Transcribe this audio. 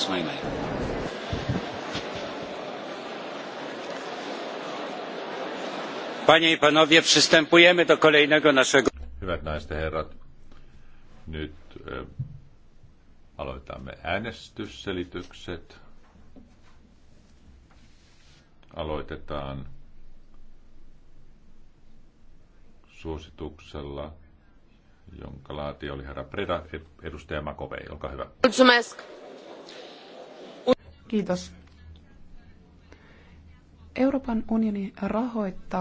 this way, mate. Panie i panowie, przystępujemy do kolejnego naszego... Hyvät naiset ja herrat, nyt äh, aloitamme äänestysselitykset. Aloitetaan suosituksella, jonka laati oli herra Preda, edustaja Makovei, olkaa hyvä. Mulțumesc. Kiitos. Euroopan unioni rahoittaa